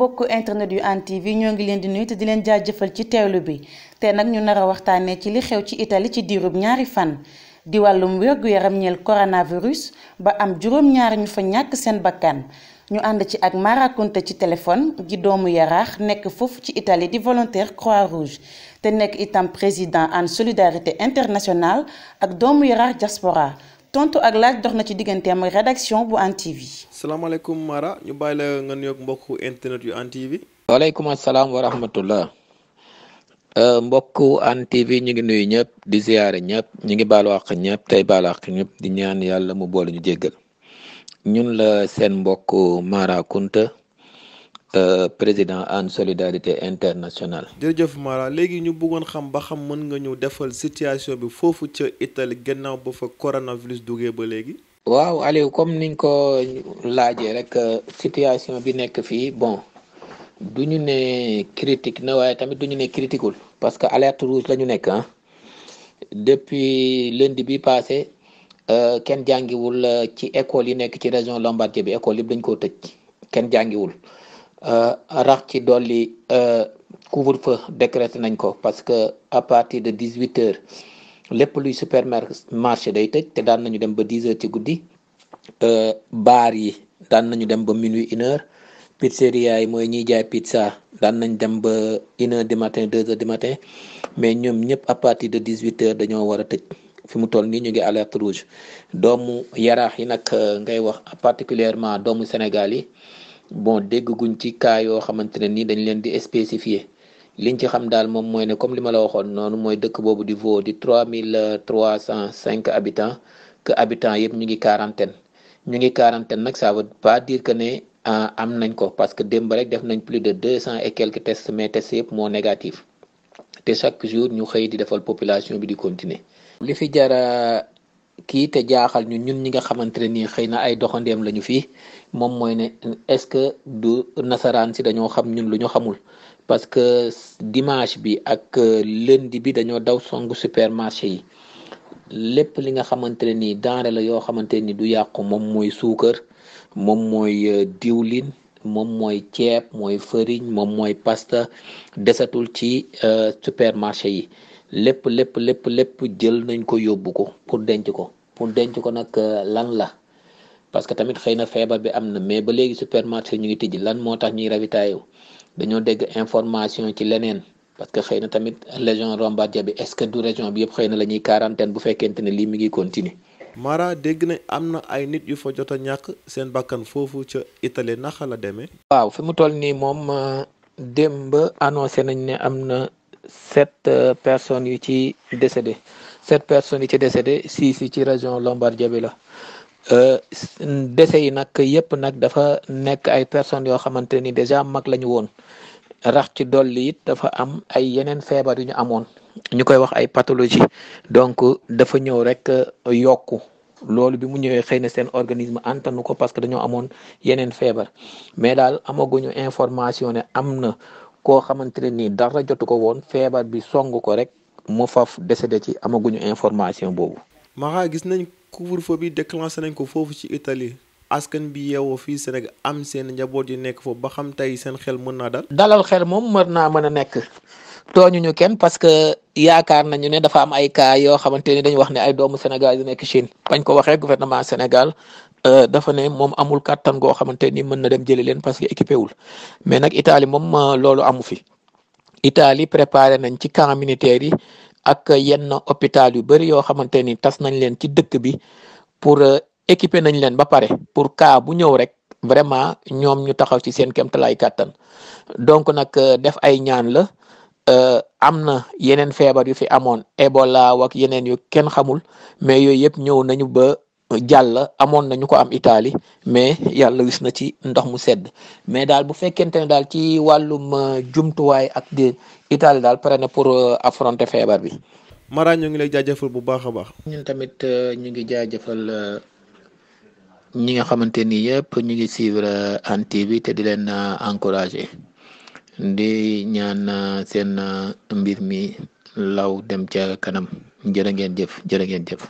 mbokku internet yu Hann di di a ci li xew ci Italie ci fan di yaram coronavirus ba am juróom-ñaar ñu fa ñàkk seen bakkan ñu ci ak ci téléphone gi doomu nekk ci Italie di volontaire Croix-Rouge te nekk itam président en solidarité internationale ak doomu diaspora tontu ak laaj dox na ci digganteem ak rédaction bu Hann TV. salaamaaleykum Mara ñu bàyyi la nga nuyoog mbokku internet yu Hann TV. waaleykum asalaam wa rahmatullah euh, mbokku Hann TV ñu ngi nuyu ñëpp di ziare ñëpp ñu ngi baalu àq ñëpp tey baalu àq ñëpp di ñaan yàlla mu boole ñu jéggal ñun la seen mbokk Mara Kunta Euh, président en solidarité internationale. jërëjëf Mara léegi ñu bëggoon xam ba xam mën nga ñëw defal situation bi foofu ca Italie gannaaw ba fa coronavirus duggee ba léegi. waaw Aliou comme niñ ko laajee rek euh, situation bi nekk fii bon du ñu ne critique na waaye tamit du ñu ne critiqueul parce que alerte rouge la ñu nekk ah depuis lundi bi passé euh, kenn jàngiwul ci école yi nekk ci région Lombardie bi école yëpp dañ koo tëj kenn jàngiwul. Euh, rax ci dolli euh, couvre-feu décrété nañ ko parce que à partir de dix huit heures lépp luy supermarché day tëj te daan nañu dem ba dix heures ci guddi euh, baar yi daan nañu dem ba minuit une heure pizzeria yi mooy ñiy jaay pizza daan nañ dem ba une heure du matin deux heures du matin mais ñoom ñëpp à partir de dix huit heures dañoo war a tëj fi mu toll nii ñu ngi alerte rouge doomu yaraax yi nag ngay wax particulièrement doomu Sénégal yi bon déggaguñ ci cas yoo xamante ne dañ leen di spécifier liñ ci xam daal moom mooy ne comme li ma la waxoon noonu mooy dëkk boobu di Vaud di 3305 habitants que habitants yëpp ñu ngi quarantaine ñu ngi quarantaine nag ça veut pas dire que ne euh, am nañ ko parce que démb rek def nañ plus de 200 et quelques tests mais tests yëpp moo négatif te chaque jour ñu xëy di defal population bi di continuer li fi jara kii te jaaxal ñu ñun ñi nga xamante ne nii xëy na ay doxandeem lañu fii moom mooy ne est-ce que du nasaraan si dañoo xam ñun lu ñu xamul parce que dimanche bi ak euh, lundi bi dañoo daw songu supermarché yi lépp li nga xamante ne nii denrée yoo xamante ni du yàqu moom mooy suukar moom mooy euh, diwlin moom mooy ceeb mooy farine moom mooy pasta desatul ci euh, supermarché yi lépp lépp lépp lépp jël nañ ko yóbbu ko pour denc ko pour denc ko nag euh, lan la parce que tamit xëy na feebar bi am na mais ba léegi supermarché ñu ngi tijji lan moo tax ñuy ravitaayu dañoo dégg information ci leneen parce que xëy na tamit région Rombardia bi est-ce que du région bi yëpp xëy na la ñuy quarantaine bu fekkent ne lii mi ngi continuer. Mara dégg nañ am na ay nit yu fa jot ñàkk seen bakkan foofu ca Italie naka la demee. waaw fi mu toll nii moom euh, démb ne am na. sept euh, personnes yu ci décédé sept personnes yu ci décédé six yi ci région Lombardia bi la euh, décès yi nag yëpp nag dafa nekk ay personnes yoo xamante ni déjà mag la ñu woon rax ci dolli it dafa am ay yeneen feebar yu ñu amoon ñu koy wax ay pathologie donc dafa ñëw rek euh, yokku loolu bi mu ñëwee xëy na seen organisme antanu ko parce que dañoo amoon yeneen feebar mais daal amaguñu information ne am na koo xamante ne nii dara jotu ko woon feebar bi song ko rek mu faf décédé ci amaguñu information boobu. Mara gis nañ couvre-feu bi déclenché nañ ko foofu ci Italie. askan bi yeewoo fii Sénégal am seen njaboot yi nekk foofu ba xam tey seen xel mën na dal. dalal xel moom mën naa mën a nekk tooñuñu kenn parce que yaakaar nañu ne dafa am ay cas yoo xamante ni dañu wax ne ay doomu Sénégal yu nekk Chine bañ ko waxee gouvernement Sénégal Euh, dafa ne moom amul kàttan goo xamante ni mën na dem jëli leen parce que équipé wul mais nag Italie moom euh, loolu amu fi Italie préparer nañ ci camp militaire yi ak yenn hôpital yu bëri yoo xamante ni tas nañ leen ci dëkk bi pour euh, équiper nañ leen ba pare pour cas bu ñëw rek vraiment ñoom ñu taxaw ci seen kéemtalaay kàttan donc nag def ay ñaan la am na yeneen feebar yu fi amoon Ebola wak yeneen yu kenn xamul mais yooyu yëpp ñëw nañu ba. jàlla amoon na ñu ko am itali mais yàlla wis na ci ndox mu sedd mais daal bu fekkente ne daal ci wàllum euh, jumtuwaay ak di Italie daal pare na pour euh, affronter feebar bi. Mara ñu ngi lay jaajëfal bu baax a baax. ñun tamit euh, ñu ngi jaajëfal ñi nga xamante ni yëpp ñu ngi suivre Hann TV te di leen encourager di ñaan seen mbir mi law dem ca kanam jërë ngeen jëf jërë ngeen jëf.